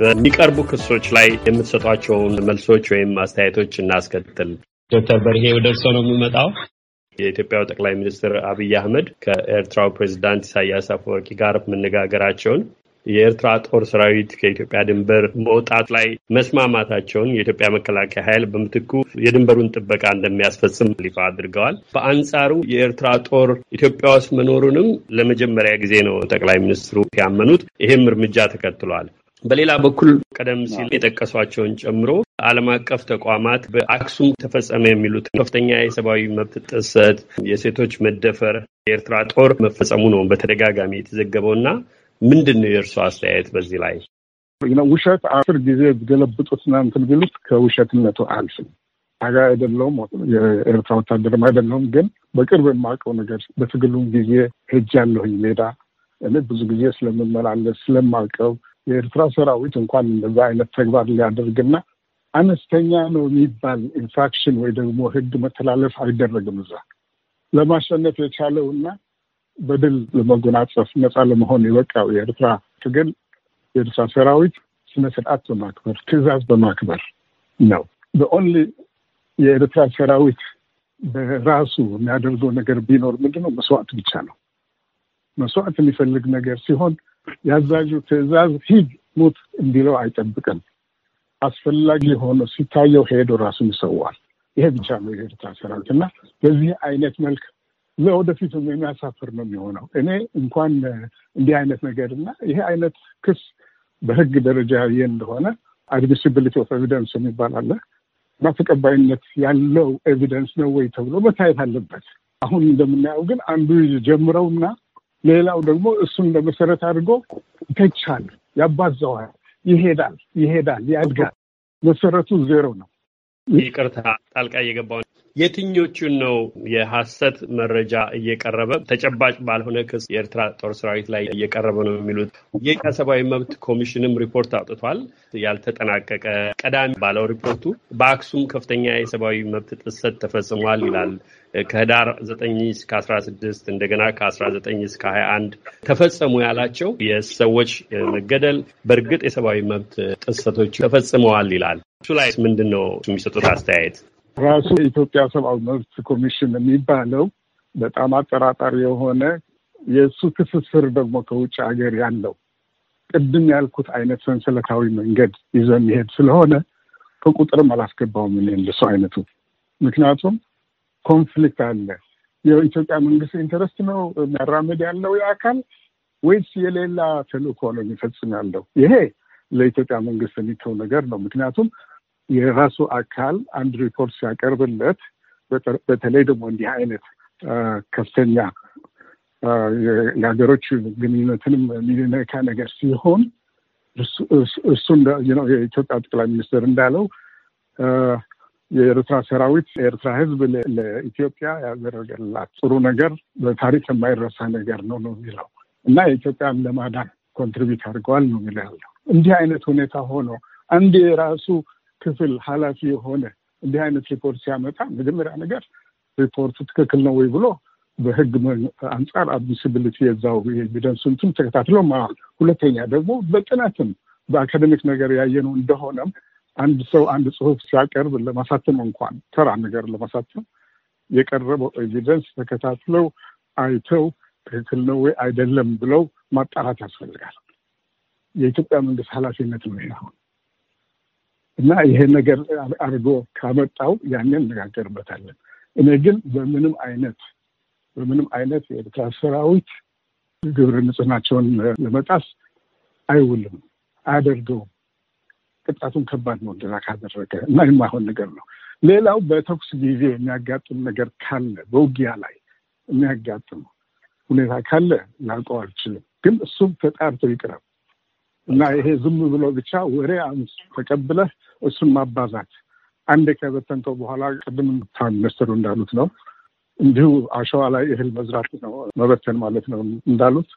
በሚቀርቡ ክሶች ላይ የምትሰጧቸውን መልሶች ወይም አስተያየቶች እናስከትል። ዶክተር በርሄ ወደ እርሶ ነው የምመጣው። የኢትዮጵያው ጠቅላይ ሚኒስትር አብይ አህመድ ከኤርትራው ፕሬዚዳንት ኢሳያስ አፈወርቂ ጋር መነጋገራቸውን የኤርትራ ጦር ሰራዊት ከኢትዮጵያ ድንበር መውጣት ላይ መስማማታቸውን የኢትዮጵያ መከላከያ ኃይል በምትኩ የድንበሩን ጥበቃ እንደሚያስፈጽም ይፋ አድርገዋል። በአንጻሩ የኤርትራ ጦር ኢትዮጵያ ውስጥ መኖሩንም ለመጀመሪያ ጊዜ ነው ጠቅላይ ሚኒስትሩ ያመኑት። ይህም እርምጃ ተከትሏል። በሌላ በኩል ቀደም ሲል የጠቀሷቸውን ጨምሮ ዓለም አቀፍ ተቋማት በአክሱም ተፈጸመ የሚሉት ከፍተኛ የሰብአዊ መብት ጥሰት፣ የሴቶች መደፈር የኤርትራ ጦር መፈጸሙ ነው በተደጋጋሚ የተዘገበው እና ምንድን ነው የእርሱ አስተያየት በዚህ ላይ? ውሸት አስር ጊዜ ገለብጡት እንትን ቢሉት ከውሸትነቱ አልፍም። አጋ አይደለውም፣ የኤርትራ ወታደርም አይደለውም። ግን በቅርብ የማውቀው ነገር በትግሉም ጊዜ ሄጃለሁኝ ሜዳ እኔ ብዙ ጊዜ ስለምመላለስ ስለማውቀው የኤርትራ ሰራዊት እንኳን እንደዛ አይነት ተግባር ሊያደርግና አነስተኛ ነው የሚባል ኢንፍራክሽን ወይ ደግሞ ህግ መተላለፍ አይደረግም። እዛ ለማሸነፍ የቻለው እና በድል ለመጎናጸፍ ነፃ ለመሆን የበቃው የኤርትራ ትግል የኤርትራ ሰራዊት ስነስርዓት በማክበር ትዕዛዝ በማክበር ነው። በኦንሊ የኤርትራ ሰራዊት በራሱ የሚያደርገው ነገር ቢኖር ምንድነው? መስዋዕት ብቻ ነው። መስዋዕት የሚፈልግ ነገር ሲሆን የአዛዡ ትዕዛዝ ሂድ ሙት እንዲለው አይጠብቅም። አስፈላጊ የሆነ ሲታየው ሄዶ ራሱን ይሰዋል። ይሄ ብቻ ነው የኤርትራ ሰራዊት እና በዚህ አይነት መልክ ለወደፊቱ የሚያሳፍር ነው የሚሆነው። እኔ እንኳን እንዲህ አይነት ነገር እና ይሄ አይነት ክስ በህግ ደረጃ ይ እንደሆነ አድሚሲቢሊቲ ኦፍ ኤቪደንስ የሚባል አለ እና ተቀባይነት ያለው ኤቪደንስ ነው ወይ ተብሎ መታየት አለበት። አሁን እንደምናየው ግን አንዱ ጀምረውና ሌላው ደግሞ እሱን እንደመሰረት አድርጎ ይተቻል፣ ያባዛዋል፣ ይሄዳል ይሄዳል፣ ያድጋል። መሰረቱ ዜሮ ነው። ይቅርታ ጣልቃ እየገባው የትኞቹን ነው የሐሰት መረጃ እየቀረበ ተጨባጭ ባልሆነ ክስ የኤርትራ ጦር ሰራዊት ላይ እየቀረበ ነው የሚሉት? የኢትዮጵያ ሰብአዊ መብት ኮሚሽንም ሪፖርት አውጥቷል። ያልተጠናቀቀ ቀዳሚ ባለው ሪፖርቱ በአክሱም ከፍተኛ የሰብአዊ መብት ጥሰት ተፈጽሟል ይላል። ከህዳር 9 እስከ 16 እንደገና ከ19 እስከ 21 ተፈጸሙ ያላቸው የሰዎች መገደል በእርግጥ የሰብአዊ መብት ጥሰቶች ተፈጽመዋል ይላል። እሱ ላይ ምንድን ነው የሚሰጡት አስተያየት? ራሱ የኢትዮጵያ ሰብአዊ መብት ኮሚሽን የሚባለው በጣም አጠራጣሪ የሆነ የእሱ ትስስር ደግሞ ከውጭ ሀገር ያለው ቅድም ያልኩት አይነት ሰንሰለታዊ መንገድ ይዞ የሚሄድ ስለሆነ ከቁጥርም አላስገባውም እኔ እንደሱ አይነቱ። ምክንያቱም ኮንፍሊክት አለ። የኢትዮጵያ መንግስት ኢንተረስት ነው የሚያራምድ ያለው የአካል ወይስ የሌላ ተልእኮ ነው የሚፈጽም ያለው? ይሄ ለኢትዮጵያ መንግስት የሚተው ነገር ነው። ምክንያቱም የራሱ አካል አንድ ሪፖርት ሲያቀርብለት በተለይ ደግሞ እንዲህ አይነት ከፍተኛ የሀገሮች ግንኙነትንም የሚነካ ነገር ሲሆን እሱ የኢትዮጵያ ጠቅላይ ሚኒስትር እንዳለው የኤርትራ ሰራዊት የኤርትራ ሕዝብ ለኢትዮጵያ ያደረገላት ጥሩ ነገር በታሪክ የማይረሳ ነገር ነው ነው የሚለው እና የኢትዮጵያን ለማዳን ኮንትሪቢዩት አድርገዋል ነው የሚለው እንዲህ አይነት ሁኔታ ሆኖ አንድ የራሱ ክፍል ኃላፊ የሆነ እንዲህ አይነት ሪፖርት ሲያመጣ መጀመሪያ ነገር ሪፖርቱ ትክክል ነው ወይ ብሎ በህግ አንጻር አድሚሲቢሊቲ የዛው ኤቪደንስ እንትን ተከታትሎ ማዋል፣ ሁለተኛ ደግሞ በጥናትም በአካደሚክ ነገር ያየነው እንደሆነም አንድ ሰው አንድ ጽሁፍ ሲያቀርብ ለማሳተም እንኳን ተራ ነገር ለማሳተም የቀረበው ኤቪደንስ ተከታትለው አይተው ትክክል ነው ወይ አይደለም ብለው ማጣራት ያስፈልጋል። የኢትዮጵያ መንግስት ኃላፊነት ነው ይሁን እና ይሄን ነገር አድርጎ ካመጣው ያንን እነጋገርበታለን። እኔ ግን በምንም አይነት በምንም አይነት የኤርትራ ሰራዊት ግብር ንጽህናቸውን ለመጣስ አይውልም፣ አያደርገውም። ቅጣቱን ከባድ ነው እንደዛ ካደረገ እና የማይሆን ነገር ነው። ሌላው በተኩስ ጊዜ የሚያጋጥም ነገር ካለ በውጊያ ላይ የሚያጋጥም ሁኔታ ካለ ላውቀው አልችልም፣ ግን እሱም ተጣርቶ ይቅረብ እና ይሄ ዝም ብሎ ብቻ ወሬ ተቀብለህ እሱን ማባዛት አንዴ ከበተንተው በኋላ ቅድም ፕራይም ሚኒስትሩ እንዳሉት ነው። እንዲሁ አሸዋ ላይ እህል መዝራት ነው መበተን ማለት ነው እንዳሉት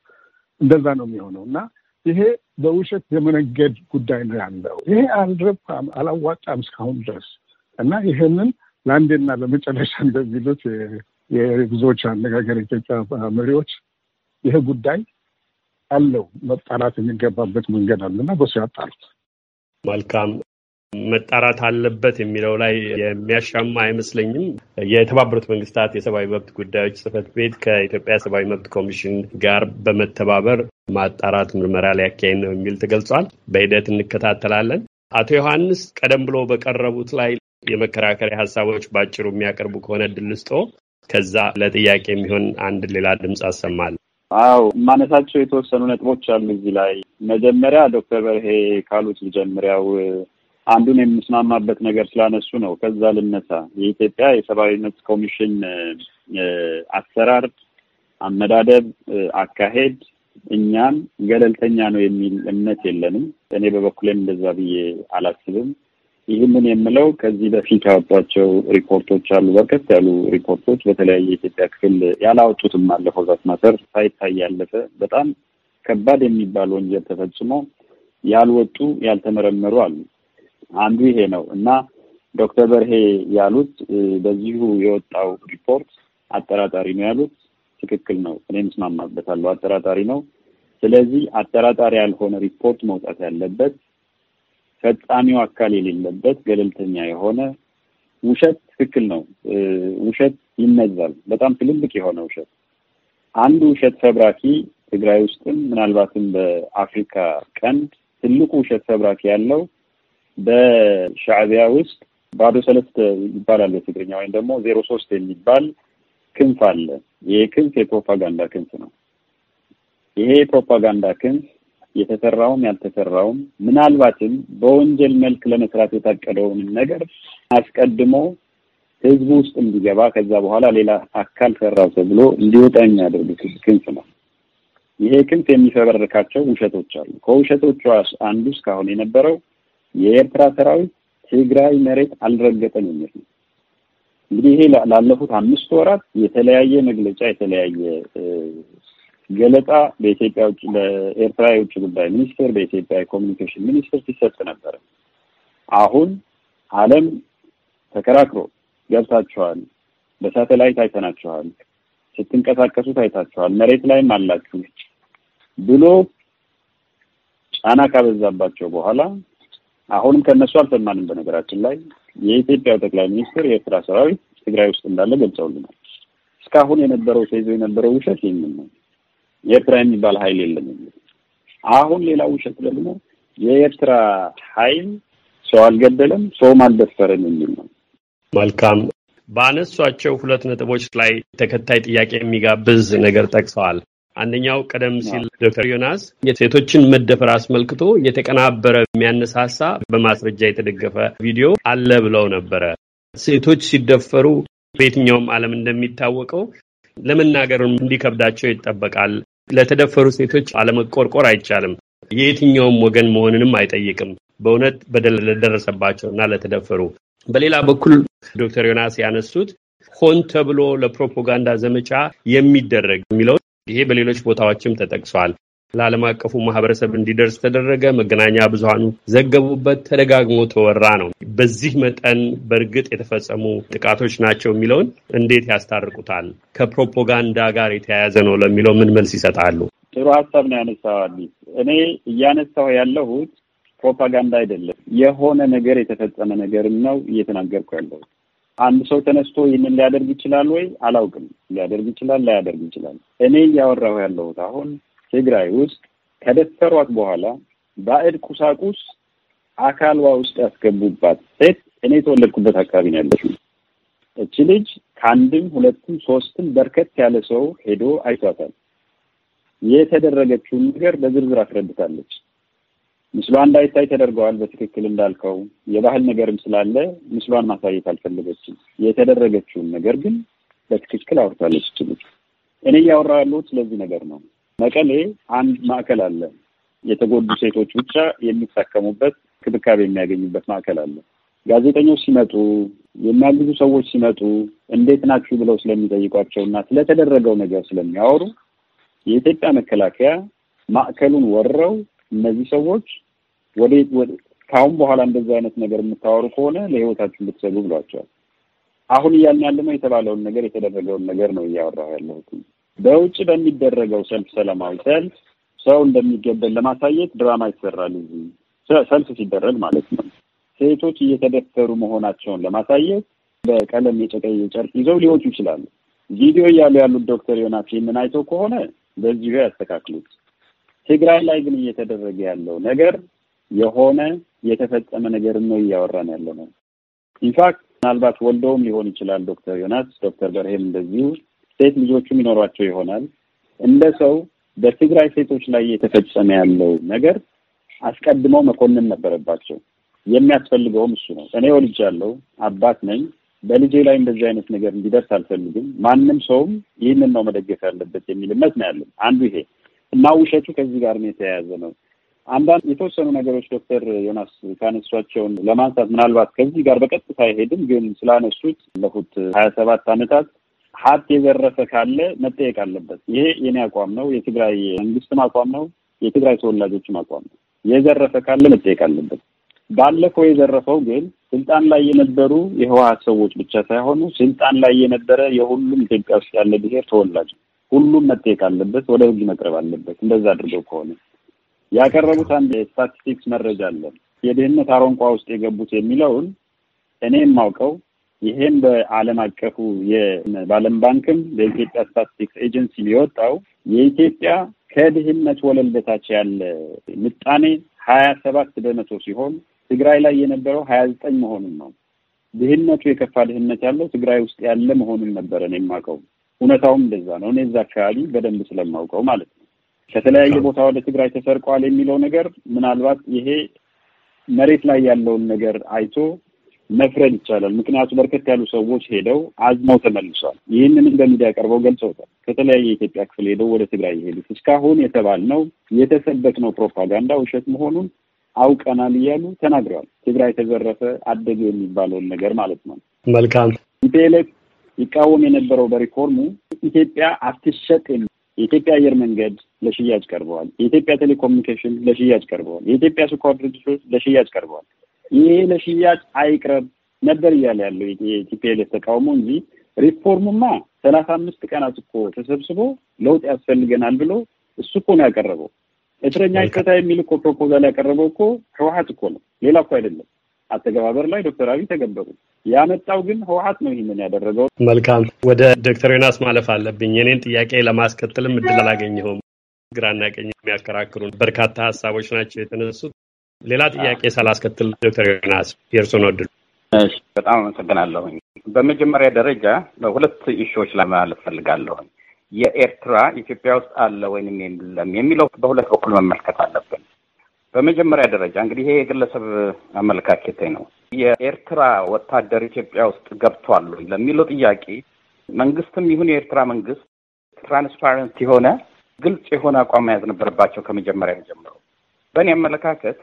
እንደዛ ነው የሚሆነው እና ይሄ በውሸት የመነገድ ጉዳይ ነው ያለው። ይሄ አልረብም አላዋጣም እስካሁን ድረስ እና ይሄንን ለአንዴና ለመጨረሻ እንደሚሉት የብዙዎች አነጋገር ኢትዮጵያ መሪዎች ይሄ ጉዳይ አለው መጣራት የሚገባበት መንገድ አለና በሱ ያጣሉት መልካም መጣራት አለበት የሚለው ላይ የሚያሻማ አይመስለኝም። የተባበሩት መንግስታት የሰብአዊ መብት ጉዳዮች ጽህፈት ቤት ከኢትዮጵያ ሰብአዊ መብት ኮሚሽን ጋር በመተባበር ማጣራት ምርመራ ሊያካሄድ ነው የሚል ተገልጿል። በሂደት እንከታተላለን። አቶ ዮሐንስ ቀደም ብሎ በቀረቡት ላይ የመከራከሪያ ሀሳቦች በአጭሩ የሚያቀርቡ ከሆነ እድል ስጦ፣ ከዛ ለጥያቄ የሚሆን አንድ ሌላ ድምፅ አሰማል። አው የማነሳቸው የተወሰኑ ነጥቦች አሉ እዚህ ላይ። መጀመሪያ ዶክተር በርሄ ካሉት ልጀምሪያው አንዱን የምስማማበት ነገር ስላነሱ ነው። ከዛ ልነሳ። የኢትዮጵያ የሰብአዊነት ኮሚሽን አሰራር፣ አመዳደብ፣ አካሄድ እኛም ገለልተኛ ነው የሚል እምነት የለንም። እኔ በበኩሌም እንደዛ ብዬ አላስብም። ይህንን የምለው ከዚህ በፊት ያወጧቸው ሪፖርቶች አሉ። በርከት ያሉ ሪፖርቶች በተለያየ የኢትዮጵያ ክፍል ያላወጡትም አለፈው ዛት ማተር ሳይታይ ያለፈ በጣም ከባድ የሚባል ወንጀል ተፈጽሞ ያልወጡ ያልተመረመሩ አሉ። አንዱ ይሄ ነው እና ዶክተር በርሄ ያሉት በዚሁ የወጣው ሪፖርት አጠራጣሪ ነው ያሉት ትክክል ነው። እኔም እስማማበታለሁ። አጠራጣሪ ነው። ስለዚህ አጠራጣሪ ያልሆነ ሪፖርት መውጣት ያለበት ፈጻሚው አካል የሌለበት ገለልተኛ የሆነ ውሸት ትክክል ነው። ውሸት ይነዛል። በጣም ትልልቅ የሆነ ውሸት። አንዱ ውሸት ፈብራኪ ትግራይ ውስጥም ምናልባትም በአፍሪካ ቀንድ ትልቁ ውሸት ፈብራኪ ያለው በሻዕቢያ ውስጥ ባዶ ሰለስት ይባላል በትግርኛ ወይም ደግሞ ዜሮ ሶስት የሚባል ክንፍ አለ። ይሄ ክንፍ የፕሮፓጋንዳ ክንፍ ነው። ይሄ የፕሮፓጋንዳ ክንፍ የተሰራውም ያልተሰራውም ምናልባትም በወንጀል መልክ ለመስራት የታቀደውን ነገር አስቀድሞ ህዝቡ ውስጥ እንዲገባ ከዛ በኋላ ሌላ አካል ሰራው ተብሎ እንዲወጣ የሚያደርግ ክንፍ ነው። ይሄ ክንፍ የሚፈበርካቸው ውሸቶች አሉ። ከውሸቶቹ አንዱ እስካሁን የነበረው የኤርትራ ሰራዊት ትግራይ መሬት አልረገጠም የሚል ነው። እንግዲህ ይሄ ላለፉት አምስት ወራት የተለያየ መግለጫ የተለያየ ገለጻ በኢትዮጵያ ውጭ በኤርትራ የውጭ ጉዳይ ሚኒስቴር በኢትዮጵያ የኮሚኒኬሽን ሚኒስቴር ሲሰጥ ነበረ። አሁን ዓለም ተከራክሮ ገብታችኋል፣ በሳተላይት አይተናችኋል፣ ስትንቀሳቀሱ ታይታችኋል፣ መሬት ላይም አላችሁ ብሎ ጫና ካበዛባቸው በኋላ አሁንም ከእነሱ አልሰማንም። በነገራችን ላይ የኢትዮጵያ ጠቅላይ ሚኒስትር የኤርትራ ሰራዊት ትግራይ ውስጥ እንዳለ ገልጸውልናል። እስካሁን የነበረው ተይዞ የነበረው ውሸት ይህንን ነው። የኤርትራ የሚባል ኃይል የለም የሚል አሁን ሌላ ውሸት ደግሞ የኤርትራ ኃይል ሰው አልገደለም፣ ሰውም አልደፈረም የሚል ነው። መልካም ባነሷቸው ሁለት ነጥቦች ላይ ተከታይ ጥያቄ የሚጋብዝ ነገር ጠቅሰዋል። አንደኛው ቀደም ሲል ዶክተር ዮናስ የሴቶችን መደፈር አስመልክቶ የተቀናበረ የሚያነሳሳ በማስረጃ የተደገፈ ቪዲዮ አለ ብለው ነበረ። ሴቶች ሲደፈሩ በየትኛውም ዓለም እንደሚታወቀው ለመናገር እንዲከብዳቸው ይጠበቃል። ለተደፈሩ ሴቶች አለመቆርቆር አይቻልም። የየትኛውም ወገን መሆንንም አይጠይቅም። በእውነት በደል ለደረሰባቸው እና ለተደፈሩ። በሌላ በኩል ዶክተር ዮናስ ያነሱት ሆን ተብሎ ለፕሮፓጋንዳ ዘመቻ የሚደረግ የሚለው ይሄ በሌሎች ቦታዎችም ተጠቅሷል። ለዓለም አቀፉ ማህበረሰብ እንዲደርስ ተደረገ፣ መገናኛ ብዙሃኑ ዘገቡበት፣ ተደጋግሞ ተወራ ነው። በዚህ መጠን በእርግጥ የተፈጸሙ ጥቃቶች ናቸው የሚለውን እንዴት ያስታርቁታል? ከፕሮፓጋንዳ ጋር የተያያዘ ነው ለሚለው ምን መልስ ይሰጣሉ? ጥሩ ሀሳብ ነው ያነሳዋል። እኔ እያነሳው ያለሁት ፕሮፓጋንዳ አይደለም፣ የሆነ ነገር የተፈጸመ ነገርም ነው እየተናገርኩ ያለሁት አንድ ሰው ተነስቶ ይህንን ሊያደርግ ይችላል ወይ አላውቅም። ሊያደርግ ይችላል፣ ላያደርግ ይችላል። እኔ እያወራሁ ያለሁት አሁን ትግራይ ውስጥ ከደፈሯት በኋላ ባዕድ ቁሳቁስ አካልዋ ውስጥ ያስገቡባት ሴት እኔ የተወለድኩበት አካባቢ ነው ያለች። እቺ ልጅ ከአንድም ሁለትም ሶስትም በርከት ያለ ሰው ሄዶ አይቷታል። የተደረገችውን ነገር በዝርዝር አስረድታለች። ምስሏ እንዳይታይ ተደርገዋል። በትክክል እንዳልከው የባህል ነገርም ስላለ ምስሏን ማሳየት አልፈለገችም። የተደረገችውን ነገር ግን በትክክል አውርታለች። ችሉት እኔ እያወራ ያለሁት ስለዚህ ነገር ነው። መቀሌ አንድ ማዕከል አለ። የተጎዱ ሴቶች ብቻ የሚታከሙበት ክብካቤ የሚያገኙበት ማዕከል አለ። ጋዜጠኞች ሲመጡ፣ የሚያግዙ ሰዎች ሲመጡ እንዴት ናችሁ ብለው ስለሚጠይቋቸው እና ስለተደረገው ነገር ስለሚያወሩ የኢትዮጵያ መከላከያ ማዕከሉን ወረው እነዚህ ሰዎች ወደ ከአሁን በኋላ እንደዚህ አይነት ነገር የምታወሩ ከሆነ ለህይወታችን ብትሰጉ ብሏቸዋል። አሁን እያልን ያለ ነው የተባለውን ነገር የተደረገውን ነገር ነው እያወራሁ ያለሁት። በውጭ በሚደረገው ሰልፍ፣ ሰላማዊ ሰልፍ ሰው እንደሚገደል ለማሳየት ድራማ ይሰራል። እዚህ ሰልፍ ሲደረግ ማለት ነው። ሴቶች እየተደፈሩ መሆናቸውን ለማሳየት በቀለም የጨቀየ ጨርቅ ይዘው ሊወጡ ይችላሉ። ቪዲዮ እያሉ ያሉት ዶክተር ዮናስ ይህንን አይተው ከሆነ በዚሁ ያስተካክሉት። ትግራይ ላይ ግን እየተደረገ ያለው ነገር የሆነ የተፈጸመ ነገር ነው እያወራን ያለ ነው። ኢንፋክት ምናልባት ወልደውም ሊሆን ይችላል። ዶክተር ዮናስ ዶክተር በርሄም እንደዚሁ ሴት ልጆቹም ይኖሯቸው ይሆናል። እንደ ሰው በትግራይ ሴቶች ላይ የተፈጸመ ያለው ነገር አስቀድመው መኮንን ነበረባቸው። የሚያስፈልገውም እሱ ነው። እኔ ወልጃለሁ፣ አባት ነኝ። በልጄ ላይ እንደዚህ አይነት ነገር እንዲደርስ አልፈልግም። ማንም ሰውም ይህንን ነው መደገፍ ያለበት የሚል እምነት ነው ያለን። አንዱ ይሄ እና ውሸቱ ከዚህ ጋር ነው የተያያዘ ነው። አንዳንድ የተወሰኑ ነገሮች ዶክተር ዮናስ ካነሷቸውን ለማንሳት ምናልባት ከዚህ ጋር በቀጥታ አይሄድም፣ ግን ስላነሱት ባለፉት ሀያ ሰባት ዓመታት ሀብት የዘረፈ ካለ መጠየቅ አለበት። ይሄ የኔ አቋም ነው፣ የትግራይ መንግስትም አቋም ነው፣ የትግራይ ተወላጆችም አቋም ነው። የዘረፈ ካለ መጠየቅ አለበት። ባለፈው የዘረፈው ግን ስልጣን ላይ የነበሩ የህወሀት ሰዎች ብቻ ሳይሆኑ ስልጣን ላይ የነበረ የሁሉም ኢትዮጵያ ውስጥ ያለ ብሄር ተወላጅ ሁሉም መጠየቅ አለበት፣ ወደ ህግ መቅረብ አለበት። እንደዛ አድርገው ከሆነ ያቀረቡት አንድ የስታቲስቲክስ መረጃ አለ። የድህነት አሮንቋ ውስጥ የገቡት የሚለውን እኔ የማውቀው ይሄም በዓለም አቀፉ በዓለም ባንክም በኢትዮጵያ ስታቲስቲክስ ኤጀንሲ የወጣው የኢትዮጵያ ከድህነት ወለል በታች ያለ ምጣኔ ሀያ ሰባት በመቶ ሲሆን ትግራይ ላይ የነበረው ሀያ ዘጠኝ መሆኑን ነው። ድህነቱ የከፋ ድህነት ያለው ትግራይ ውስጥ ያለ መሆኑን ነበረ ነው የማውቀው። እውነታውም እንደዛ ነው። እኔ እዛ አካባቢ በደንብ ስለማውቀው ማለት ነው። ከተለያየ ቦታ ወደ ትግራይ ተሰርቋል የሚለው ነገር ምናልባት ይሄ መሬት ላይ ያለውን ነገር አይቶ መፍረድ ይቻላል። ምክንያቱም በርከት ያሉ ሰዎች ሄደው አዝነው ተመልሷል። ይህንን በሚዲያ ቀርበው ገልጸውታል። ከተለያየ የኢትዮጵያ ክፍል ሄደው ወደ ትግራይ የሄዱት እስካሁን የተባልነው የተሰበክነው ፕሮፓጋንዳ ውሸት መሆኑን አውቀናል እያሉ ተናግረዋል። ትግራይ ተዘረፈ፣ አደገ የሚባለውን ነገር ማለት ነው። መልካም ኢፔሌክ ይቃወም የነበረው በሪፎርሙ ኢትዮጵያ አትሸጥ የኢትዮጵያ አየር መንገድ ለሽያጭ ቀርበዋል። የኢትዮጵያ ቴሌኮሙኒኬሽን ለሽያጭ ቀርበዋል። የኢትዮጵያ ስኳር ድርጅቶች ለሽያጭ ቀርበዋል። ይሄ ለሽያጭ አይቅረብ ነበር እያለ ያለው የቲፒኤልኤፍ ተቃውሞ እንጂ ሪፎርሙማ ሰላሳ አምስት ቀናት እኮ ተሰብስቦ ለውጥ ያስፈልገናል ብሎ እሱ እኮ ነው ያቀረበው። እስረኛ ይፈታ የሚል እኮ ፕሮፖዛል ያቀረበው እኮ ህወሀት እኮ ነው፣ ሌላ እኮ አይደለም። አተገባበር ላይ ዶክተር አብይ ተገበሩ። ያመጣው ግን ህወሀት ነው ይህንን ያደረገው። መልካም ወደ ዶክተር ዮናስ ማለፍ አለብኝ። የኔን ጥያቄ ለማስከተልም እድል አላገኘሁም። ግራና ቀኝ የሚያከራክሩ በርካታ ሀሳቦች ናቸው የተነሱት። ሌላ ጥያቄ ሳላስከትል ዶክተር ዮናስ የእርስዎን እድሉ። በጣም አመሰግናለሁ። በመጀመሪያ ደረጃ በሁለት እሾዎች ላይ ፈልጋለሁኝ። የኤርትራ ኢትዮጵያ ውስጥ አለ ወይም የለም የሚለው በሁለት በኩል መመልከት አለብን። በመጀመሪያ ደረጃ እንግዲህ ይሄ የግለሰብ አመለካከቴ ነው። የኤርትራ ወታደር ኢትዮጵያ ውስጥ ገብቷል ለሚለው ጥያቄ መንግስትም ይሁን የኤርትራ መንግስት ትራንስፓረንት የሆነ ግልጽ የሆነ አቋም መያዝ ነበረባቸው ከመጀመሪያ ጀምሮ። በእኔ አመለካከት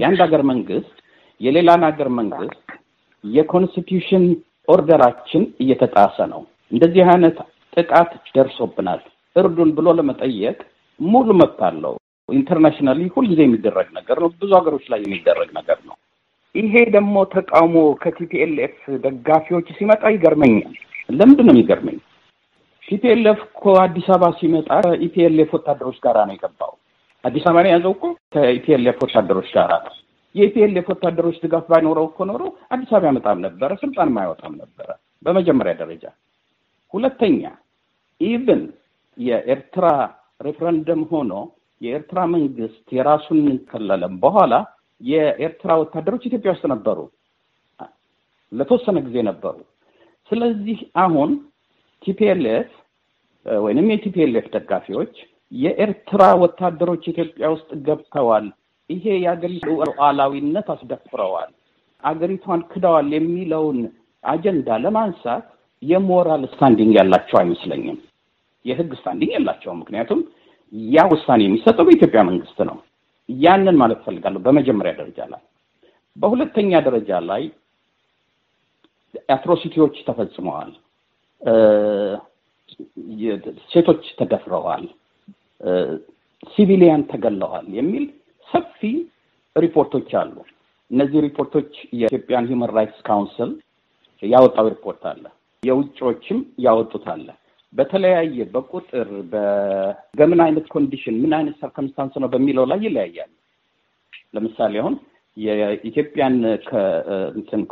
የአንድ ሀገር መንግስት የሌላን ሀገር መንግስት የኮንስቲትዩሽን ኦርደራችን እየተጣሰ ነው፣ እንደዚህ አይነት ጥቃት ደርሶብናል፣ እርዱን ብሎ ለመጠየቅ ሙሉ መብት አለው። ኢንተርናሽናሊ ሁልጊዜ የሚደረግ ነገር ነው። ብዙ ሀገሮች ላይ የሚደረግ ነገር ነው። ይሄ ደግሞ ተቃውሞ ከቲፒኤልኤፍ ደጋፊዎች ሲመጣ ይገርመኛል። ለምንድን ነው የሚገርመኝ? ቲፒኤልኤፍ እኮ አዲስ አበባ ሲመጣ ከኢፒኤልኤፍ ወታደሮች ጋር ነው የገባው። አዲስ አበባ ነው የያዘው እኮ ከኢፒኤልኤፍ ወታደሮች ጋር ነው። የኢፒኤልኤፍ ወታደሮች ድጋፍ ባይኖረው እኮ ኖሮ አዲስ አበባ ያመጣም ነበረ፣ ስልጣን ማያወጣም ነበረ። በመጀመሪያ ደረጃ ሁለተኛ፣ ኢቭን የኤርትራ ሬፍረንደም ሆኖ የኤርትራ መንግስት የራሱን ከለለም በኋላ የኤርትራ ወታደሮች ኢትዮጵያ ውስጥ ነበሩ፣ ለተወሰነ ጊዜ ነበሩ። ስለዚህ አሁን ቲፒኤልኤፍ ወይንም የቲፒኤልኤፍ ደጋፊዎች የኤርትራ ወታደሮች ኢትዮጵያ ውስጥ ገብተዋል፣ ይሄ የአገሪቱ ሉዓላዊነት አስደፍረዋል፣ አገሪቷን ክደዋል የሚለውን አጀንዳ ለማንሳት የሞራል ስታንዲንግ ያላቸው አይመስለኝም። የህግ ስታንዲንግ ያላቸው ምክንያቱም ያ ውሳኔ የሚሰጠው በኢትዮጵያ መንግስት ነው። ያንን ማለት እፈልጋለሁ በመጀመሪያ ደረጃ ላይ። በሁለተኛ ደረጃ ላይ አትሮሲቲዎች ተፈጽመዋል። ሴቶች ተደፍረዋል፣ ሲቪሊያን ተገለዋል የሚል ሰፊ ሪፖርቶች አሉ። እነዚህ ሪፖርቶች የኢትዮጵያን ሂውማን ራይትስ ካውንስል ያወጣው ሪፖርት አለ፣ የውጭዎችም ያወጡት አለ። በተለያየ በቁጥር በምን አይነት ኮንዲሽን ምን አይነት ሰርከምስታንስ ነው በሚለው ላይ ይለያያል። ለምሳሌ አሁን የኢትዮጵያን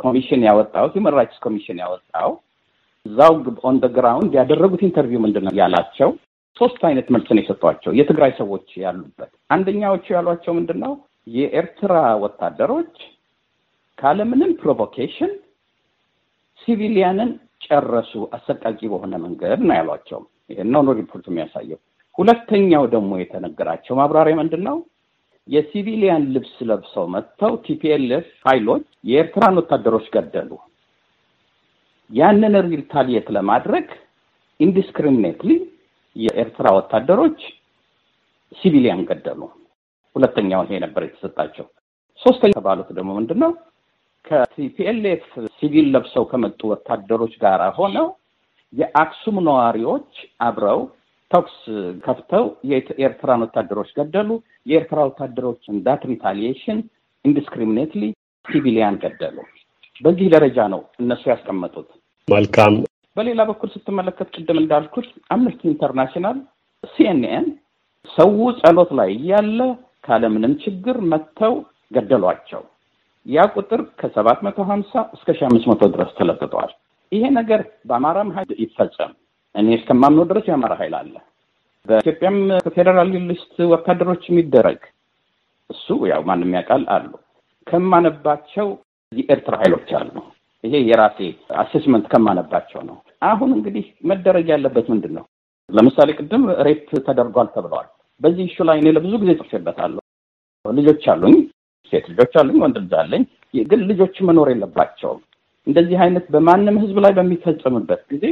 ኮሚሽን ያወጣው ሂውማን ራይትስ ኮሚሽን ያወጣው እዛው ኦን ደ ግራውንድ ያደረጉት ኢንተርቪው ምንድን ነው ያላቸው፣ ሶስት አይነት መልስ ነው የሰጧቸው የትግራይ ሰዎች ያሉበት። አንደኛዎቹ ያሏቸው ምንድን ነው የኤርትራ ወታደሮች ካለምንም ፕሮቮኬሽን ሲቪሊያንን ጨረሱ፣ አሰቃቂ በሆነ መንገድ ነው ያሏቸው። ይህን ነው ሪፖርቱ የሚያሳየው። ሁለተኛው ደግሞ የተነገራቸው ማብራሪያ ምንድን ነው? የሲቪሊያን ልብስ ለብሰው መጥተው ቲፒኤልኤፍ ኃይሎች የኤርትራን ወታደሮች ገደሉ። ያንን ሪልታሊየት ለማድረግ ኢንዲስክሪሚኔትሊ የኤርትራ ወታደሮች ሲቪሊያን ገደሉ። ሁለተኛው ይሄ ነበር የተሰጣቸው። ሶስተኛ የተባሉት ደግሞ ምንድን ነው ከቲፒኤልኤፍ ሲቪል ለብሰው ከመጡ ወታደሮች ጋር ሆነው የአክሱም ነዋሪዎች አብረው ተኩስ ከፍተው የኤርትራን ወታደሮች ገደሉ። የኤርትራ ወታደሮችን ዳት ሪታሊዬሽን ኢንዲስክሪሚኔትሊ ሲቪሊያን ገደሉ። በዚህ ደረጃ ነው እነሱ ያስቀመጡት። መልካም። በሌላ በኩል ስትመለከት ቅድም እንዳልኩት አምነስቲ ኢንተርናሽናል፣ ሲኤንኤን ሰው ጸሎት ላይ እያለ ካለምንም ችግር መጥተው ገደሏቸው። ያ ቁጥር ከሰባት መቶ ሀምሳ እስከ ሺ አምስት መቶ ድረስ ተለጥጠዋል። ይሄ ነገር በአማራም ሀይል ይፈጸም እኔ እስከማምኖ ድረስ የአማራ ሀይል አለ። በኢትዮጵያም ከፌዴራሊስት ወታደሮች የሚደረግ እሱ ያው ማንም ያውቃል አሉ። ከማነባቸው የኤርትራ ሀይሎች አሉ። ይሄ የራሴ አሴስመንት ከማነባቸው ነው። አሁን እንግዲህ መደረግ ያለበት ምንድን ነው? ለምሳሌ ቅድም ሬፕ ተደርጓል ተብለዋል። በዚህ እሹ ላይ እኔ ለብዙ ጊዜ ጽፌበታለሁ። ልጆች አሉኝ ሴት ልጆች አሉኝ፣ ወንድ ልጅ አለኝ። ግን ልጆች መኖር የለባቸውም። እንደዚህ አይነት በማንም ህዝብ ላይ በሚፈጸምበት ጊዜ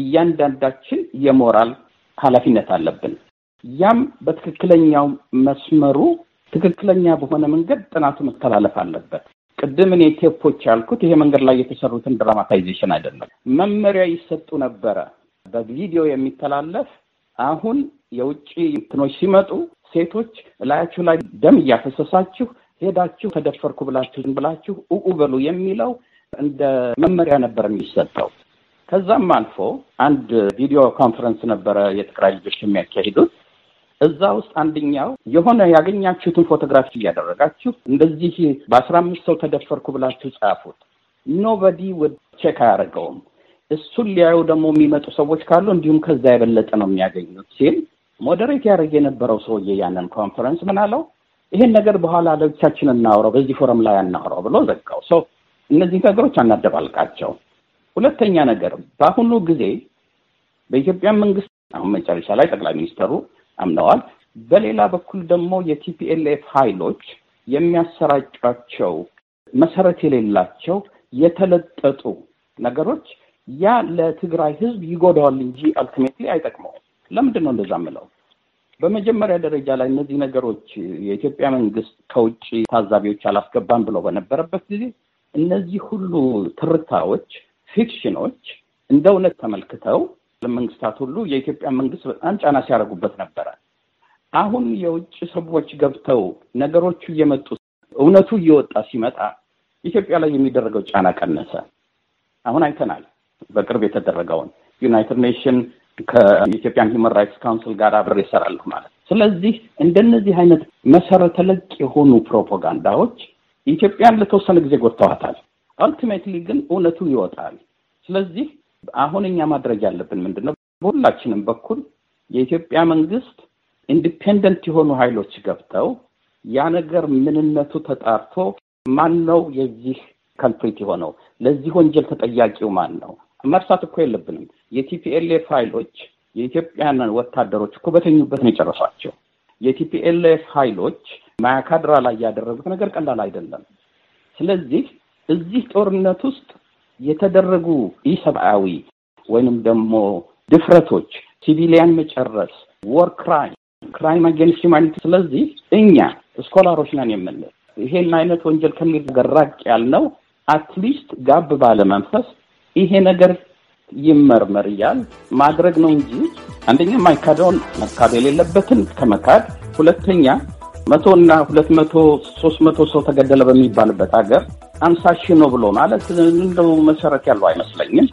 እያንዳንዳችን የሞራል ኃላፊነት አለብን። ያም በትክክለኛው መስመሩ ትክክለኛ በሆነ መንገድ ጥናቱ መተላለፍ አለበት። ቅድም እኔ ቴፖች ያልኩት ይሄ መንገድ ላይ የተሰሩትን ድራማታይዜሽን አይደለም። መመሪያ ይሰጡ ነበረ በቪዲዮ የሚተላለፍ አሁን የውጭ እንትኖች ሲመጡ ሴቶች እላያችሁ ላይ ደም እያፈሰሳችሁ ሄዳችሁ ተደፈርኩ ብላችሁ ብላችሁ እቁ በሉ የሚለው እንደ መመሪያ ነበር የሚሰጠው። ከዛም አልፎ አንድ ቪዲዮ ኮንፈረንስ ነበረ የትግራይ ልጆች የሚያካሂዱት። እዛ ውስጥ አንደኛው የሆነ ያገኛችሁትን ፎቶግራፊ እያደረጋችሁ እንደዚህ በአስራ አምስት ሰው ተደፈርኩ ብላችሁ ጻፉት። ኖበዲ ውድ ቼክ አያደርገውም። እሱን ሊያዩ ደግሞ የሚመጡ ሰዎች ካሉ እንዲሁም ከዛ የበለጠ ነው የሚያገኙት ሲል ሞዴሬት ያደርግ የነበረው ሰውዬ ያንን ኮንፈረንስ ምን አለው ይሄን ነገር በኋላ ለብቻችን እናውረው፣ በዚህ ፎረም ላይ አናውረው ብሎ ዘጋው። ሰው እነዚህ ነገሮች አናደባልቃቸው። ሁለተኛ ነገር በአሁኑ ጊዜ በኢትዮጵያ መንግስት አሁን መጨረሻ ላይ ጠቅላይ ሚኒስተሩ አምነዋል። በሌላ በኩል ደግሞ የቲፒኤልኤፍ ኃይሎች የሚያሰራጯቸው መሰረት የሌላቸው የተለጠጡ ነገሮች ያ ለትግራይ ህዝብ ይጎዳዋል እንጂ አልቲሜትሊ አይጠቅመውም። ለምንድን ነው እንደዛ ምለው? በመጀመሪያ ደረጃ ላይ እነዚህ ነገሮች የኢትዮጵያ መንግስት ከውጭ ታዛቢዎች አላስገባም ብሎ በነበረበት ጊዜ እነዚህ ሁሉ ትርታዎች፣ ፊክሽኖች እንደ እውነት ተመልክተው መንግስታት ሁሉ የኢትዮጵያ መንግስት በጣም ጫና ሲያደርጉበት ነበረ። አሁን የውጭ ሰዎች ገብተው ነገሮቹ እየመጡ እውነቱ እየወጣ ሲመጣ ኢትዮጵያ ላይ የሚደረገው ጫና ቀነሰ። አሁን አይተናል። በቅርብ የተደረገውን ዩናይትድ ኔሽን ከኢትዮጵያን ሂውማን ራይትስ ካውንስል ጋር አብሬ እሰራለሁ ማለት ነው። ስለዚህ እንደነዚህ አይነት መሰረተ ለቅ የሆኑ ፕሮፓጋንዳዎች ኢትዮጵያን ለተወሰነ ጊዜ ጎድተዋታል። አልቲሜትሊ ግን እውነቱ ይወጣል። ስለዚህ አሁን እኛ ማድረግ ያለብን ምንድን ነው? በሁላችንም በኩል የኢትዮጵያ መንግስት ኢንዲፔንደንት የሆኑ ኃይሎች ገብተው ያ ነገር ምንነቱ ተጣርቶ ማን ነው የዚህ ከልፕሪት የሆነው ለዚህ ወንጀል ተጠያቂው ማን ነው መርሳት እኮ የለብንም የቲፒኤልኤፍ ኃይሎች የኢትዮጵያን ወታደሮች እኮ በተኙበት ነው የጨረሷቸው። የቲፒኤልኤፍ ኃይሎች ማያካድራ ላይ ያደረጉት ነገር ቀላል አይደለም። ስለዚህ እዚህ ጦርነት ውስጥ የተደረጉ ኢሰብአዊ ወይንም ደግሞ ድፍረቶች፣ ሲቪሊያን መጨረስ፣ ወር ክራይም ክራይም አጌንስት ሂውማኒቲ። ስለዚህ እኛ ስኮላሮች ነን የምንል ይሄን አይነት ወንጀል ከሚል ገራቅ ያልነው አትሊስት ጋብ ባለ ይሄ ነገር ይመርመር እያል ማድረግ ነው እንጂ አንደኛ ማይካዳውን መካድ የሌለበትን ከመካድ ሁለተኛ መቶ እና ሁለት መቶ ሶስት መቶ ሰው ተገደለ በሚባልበት ሀገር ሺህ ነው ብሎ ማለት እንደው መሰረት ያለው አይመስለኝም።